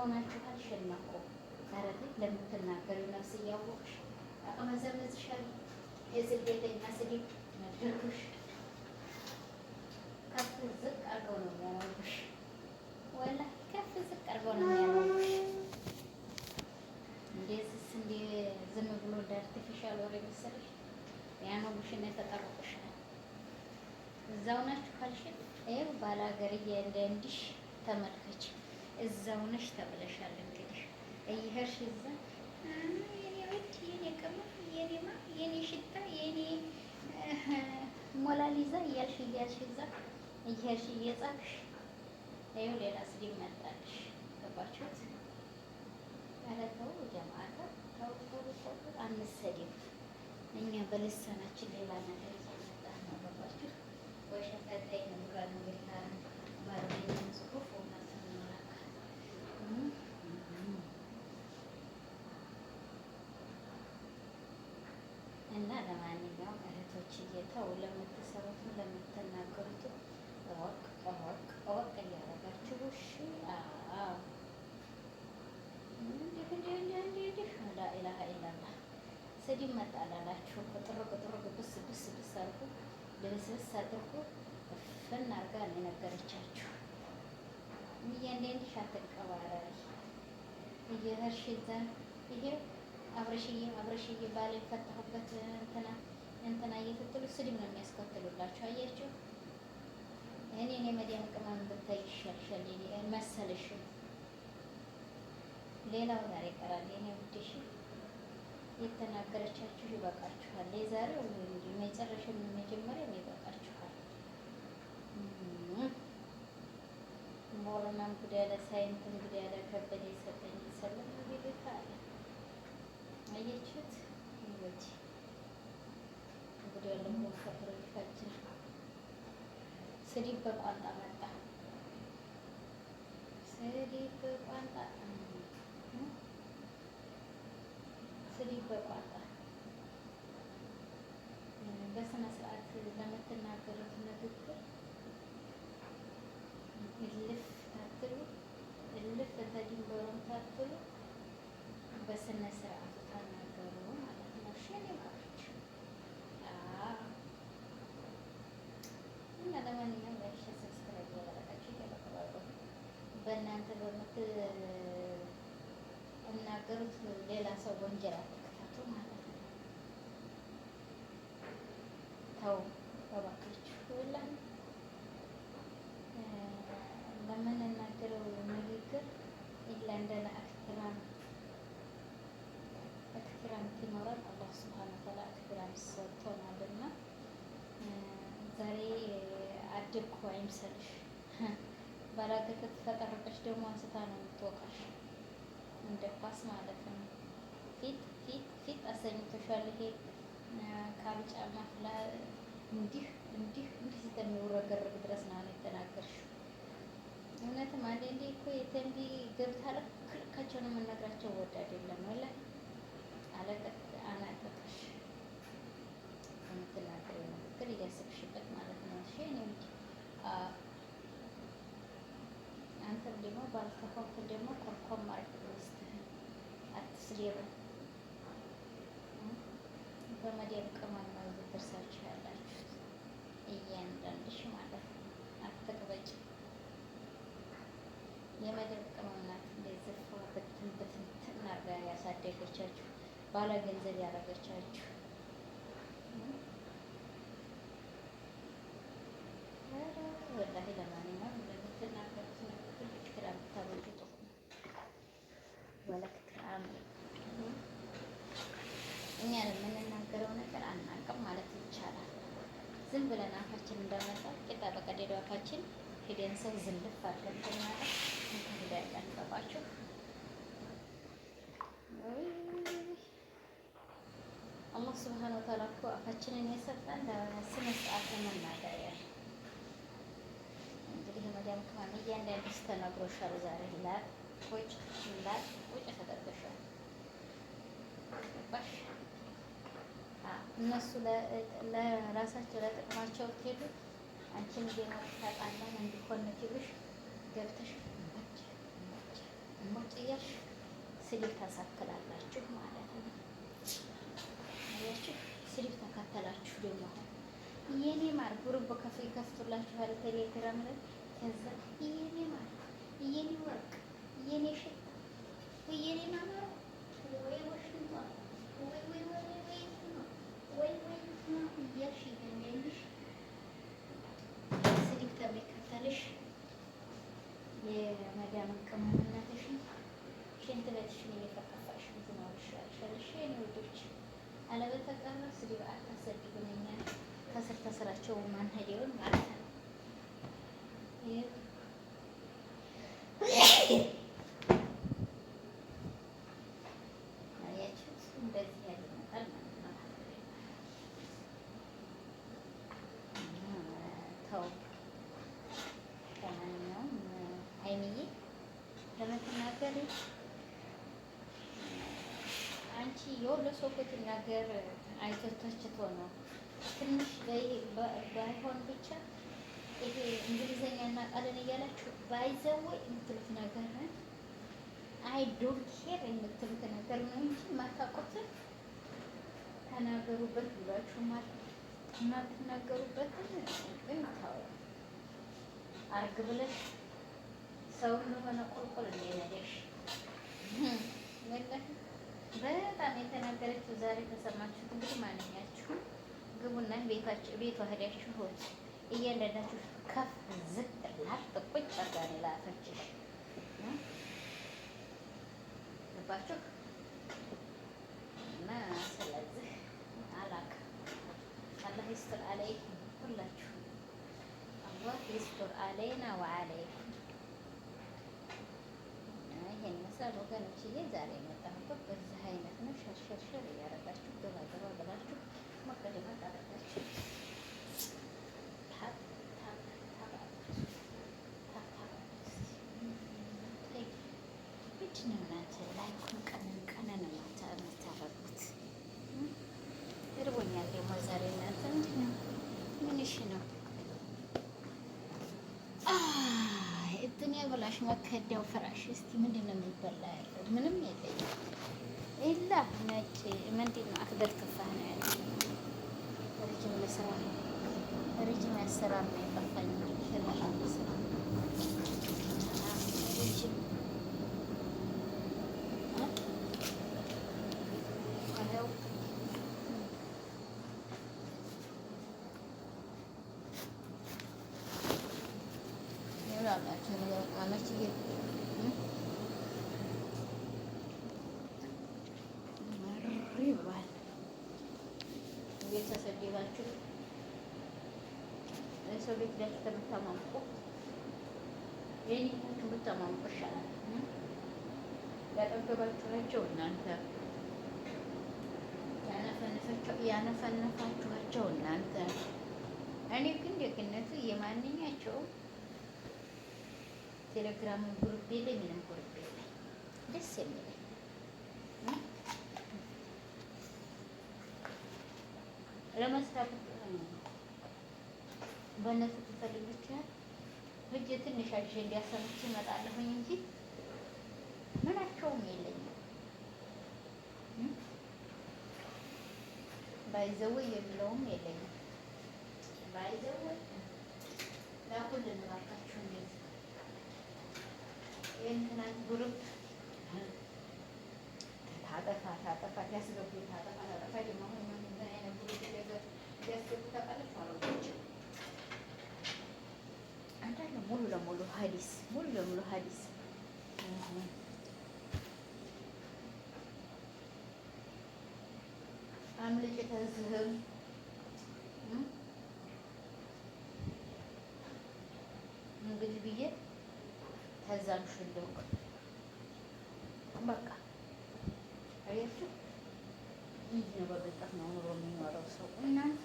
ሆናችኋል። ሸልማቆ ተረትህ ለምትናገሪው ነፍስ እያወቅሽ አቅመዘብዝሻል የስደተኛ ስድብ መድረክሽ ከፍ ዝቅ ነው ከፍ ዝቅ አድርገው ነው የሚያኖርሽ። እንደዚህ እንደ ዝም ብሎ እንደ አርቲፊሻል ወሬ መሰለሽ ያኖርሽ የተጠረቁሻል። ይኸው ባለ ሀገር ተመልክ እዛው ነሽ ተብለሻል። እንግዲህ እየሄድሽ እዛ የኔ ወድ የኔ ቅመም የኔማ የኔ ሽታ የኔ ሞላሊዛ እያልሽ እያልሽ እዛ እየሄድሽ እየጻፍሽ ይኸው ሌላ ስድብ መጣልሽ። ገባችሁት? ኧረ ተው ጀማዓ ተው ተው ተው አንሰድብ። እኛ በልሳናችን ሌላ ነገር እያመጣን ነው። ገባችሁ? ወሸፈተይ ነው ጋር ነው ባርቤ እየተው ለምትሰሩት ለምትናገሩት እወቅ እወቅ እወቅ እያደረጋችሁ እሺ። እንዲህ እንዲህ እንዲህ እንዲህ ቁጥር ቁጥር ብስ ብስ ብስ አድርጉ፣ ልብስብስ አድርጉ። እፍን አድርጋ ነው የነገረቻችሁ። እያንዳንድሽ አትቀባረሪ እየሄድሽ እዛ ይሄ አብረሽዬ አብረሽዬ ባለ የፈታሁበት እንትና እንትና እየፈትሉ ስድብ ነው የሚያስከትሉላቸው። አያችሁ እኔ እኔ መዲያም ቅመም ብታይ ይሻልሻል መሰልሽ። ሌላው ዛሬ ይቀራል። የኔ ውድሽ የተናገረቻችሁ ይበቃችኋል። የዛሬው መጨረሻ መጀመሪያ ይበቃችኋል። ቦረናም ጉድ ያለ ሳይንትም ጉድ ያለ ከበደ የሰጠኝ ሰለም ቤታ አለ አየችሁት እንግዲህ እንግዲህ ያለው ስድብ በቋንጣ መጣ። ስድብ በቋንጣ ስድብ በቋንጣ በስነ ስርዓት ለምትናገሩት ንግግር እልፍ ታትሉ እልፍ ታትሉ በስነ ስርዓት በእናንተ በምትናገሩት ሌላ ሰው ወንጀል አትክፈቱ ማለት ነው። ተው እባካችሁ። ሁላን በምንናገረው ንግግር ኢላ እንደና እክትራም ይኖራል። አላህ ስብሐነ ወተዓላ እክትራም ሰጥቶናልና ዛሬ አድርኩ አይምሰልሽ ባላገጠት ፈጠረቀች ደግሞ አንስታ ነው የምትወቃሽ። እንደ ኳስ ማለት ነው። ፊት ፊት ፊት አሰኝቶሻል። ይሄ ካልጫማ ፍላ እንዲህ እንዲህ እንዲህ እስከሚውረገረግ ድረስ ነው የተናገርሽው። እውነትም አንዳንዴ እኮ የተንቢ ገብታ ልክ ልካቸውን የምንነግራቸው ወድ አይደለም። መደብ በመደብ ቅመም ነው እዚህ ደርሳችሁ ያላችሁት። እያንዳንድሽ ማለት ነው። አትቅበጭ። የመደብ ቅመም ናት። እንደዚህ ብትን ብትን ያሳደገቻችሁ ባለ ገንዘብ ያደረገቻችሁ ብለን አፋችን እንደመጣ ቂጣ በቀደደው አፋችን ሄደን ሰው ዝልፍ አድርገን ተናቀ እንከብዳ ያላንቀባቸው አላህ ስብሓን ወተዓላ እኮ አፋችንን የሰጠን ለስነ ስርዓት ለመናገር ያለ እንግዲህ መዲያም ቅመም እያንዳንዱ ተነግሮሻል ዛሬ ላኮች እነሱ ለራሳቸው ለጥቅማቸው ትሄዱ አንቺን ዜና ታጣለን እንዲኮነ ትብሽ ገብተሽ ሞጭ ሞጭ እያልሽ ስድብ ታሳክላላችሁ ማለት ነው። አያችሁ፣ ስድብ ተከተላችሁ ደግሞ የኔ ማር ጉርብ ከፍ ይከፍቱላችኋል ቴሌግራም ላይ ከዛ የኔ ማር የኔ ወርቅ የኔ ሽታ የኔ ማማር ወይ ወይ ወይ ወይ ወይ ወይ ወይ እያልሽ እያለሽ ስድብ ተሚከተልሽ የመዳም ቅመምነትሽን ሽንት ቤትሽን እየፈቀፋሽ ትኖርሽ ውዶች። አለበተቀረ ስድብ አታሰድቡን። እኛ ከስር ከስራቸው ማንሄደውን ማለት ነው። ገሌ አንቺ የወሎ ሰው እኮ ትናገር አይተተችቶ ነው። ትንሽ ባይሆን ብቻ ይሄ እንግሊዘኛ እና ቃልን እያላችሁ ባይዘው የምትሉት ነገር አይ ዶንት ኬር የምትሉት ነገር ነው እንጂ የማታውቁትን ተናገሩበት ብሏችሁ ማለት የማትናገሩበትን ግን ታወ አርግ ብለሽ ሰው ለሆነ ቁልቁል እንደነገርሽ ወላሂ በጣም የተናገረችው ዛሬ እንግዲህ ማንኛችሁም ግቡና ቤታችሁ ቤቷ ሄዳችሁ እያንዳንዳችሁ ከፍ ዝቅ ቁጭ አርጋን ላፈችሽ እና ስለዚህ አላክ አላህ ይስጥር አለይኩም ሁላችሁ አላህ ይስጥር አለይና ወአለይ ወገኖችዬ ዛሬ የመጣሁበት በዚህ አይነት ነው። ሸርሸርሸር እያደረጋችሁ ገባገባ ብላችሁ መቀደማ ታደረጋችሁ ምንድንነት ላይኩን ቀንን ቀንን የምታረጉት እርቦኛል። ደግሞ ዛሬ እናንተ ምንሽ ነው ላሽ መከዳው ፍራሽ እስቲ ምንድን ነው የሚበላ ያለው? ምንም የለኝም። ይላ ነጭ ምንድን ነው አክደር ከፋህ ነው ያለ ረጅም ለስራ ረጅም ያሰራር ነው የጠፋኝ አመችዬ መሪ ብሏል። እየተሰደባችሁ የሰው ቤት ቢያችሁ ከምታማምቁ የእኔ ብታማምቁ ይሻላል። ያጠገባችሁ ናቸው እናንተ ያነፈነፋችኋቸው እናንተ። እኔ ግን ደግነቱ የማንኛቸው ቴሌግራም ግሩፕ ላይ ምንም ግሩፕ ላይ ደስ የሚለኝ ለመስራት በእነሱ ትፈልግ ብቻ ህጅ ትንሽ አጅ እንዲያሰምች ይመጣለሁኝ እንጂ ምናቸውም የለኝም። ባይዘወ የሚለውም የለኝም። ባይዘው ለሁሉ እንባካችሁ የእንትናን ጉርብ ታጠፋ ታጠፋ ያስገቡ ታጠፋ ታጠፋ ሙሉ ለሙሉ ሀዲስ ሙሉ ለሙሉ ሀዲስ አምልጭ ተዝህም እንግዲህ ብዬ ከዛም ሽልቅ በቃ አያችሁ፣ እንዲህ ነው በቅንጣት ነው ኑሮ የሚኖረው ሰው። እናንተ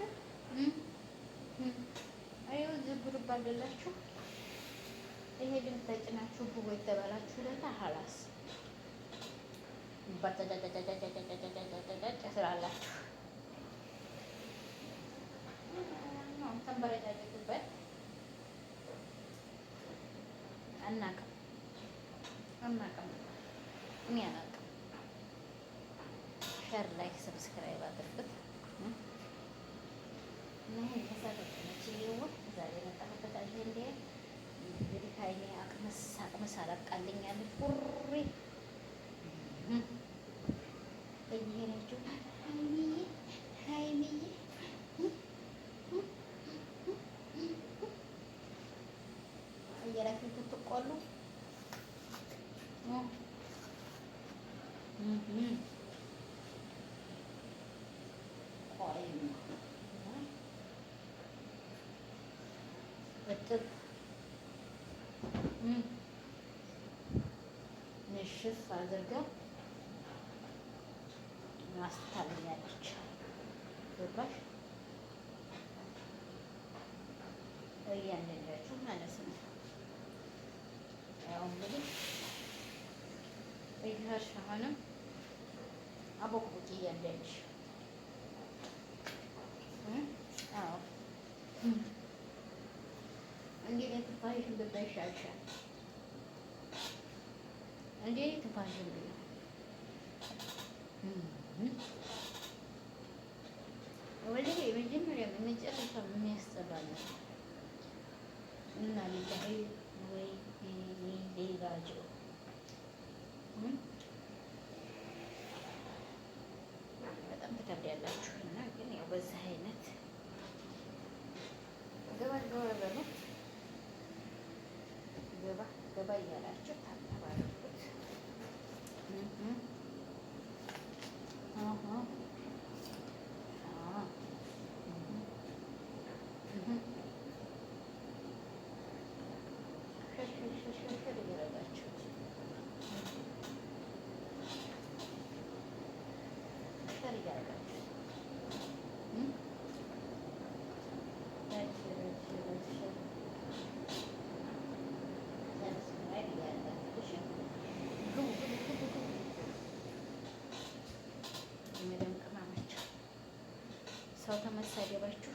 ይኸው ዝብር ባደላችሁ ይሄ ግን ተጭናችሁ ብጎ የተባላችሁ ለታ ሀላስ ስላላችሁ ተንበረጃጀቱበት አናውቅም። አናውቅም፣ እኔ አላውቅም። ሸር ላይክ ሰብስክራይብ አድርጉት እና ይሄን ተሳደቁች ይወ ዛሬ መጣሁበት አጀንዳ እንግዲህ ከአይኔ አቅመስ አቅመስ አላቃልኛል ቁሪ እየሄዳችሁ yaptık. Hı. Neşes አድርገን ማስታለያለች ገባሽ? እያንዳችሁ ማለት ነው። ያው እንግዲህ እየሄድሽ አሁንም አቦቅቦቅ እያለች አዎ እንዴት የተፋሽበት ይሻልሻል? እንዴት የተፋሽበት ወላሂ መጀመሪያ መጨረሻ የሚያስጠላ ነው እና ሊዳሂ ወይ ሌላ ጆ 啊。አልሳደባችሁ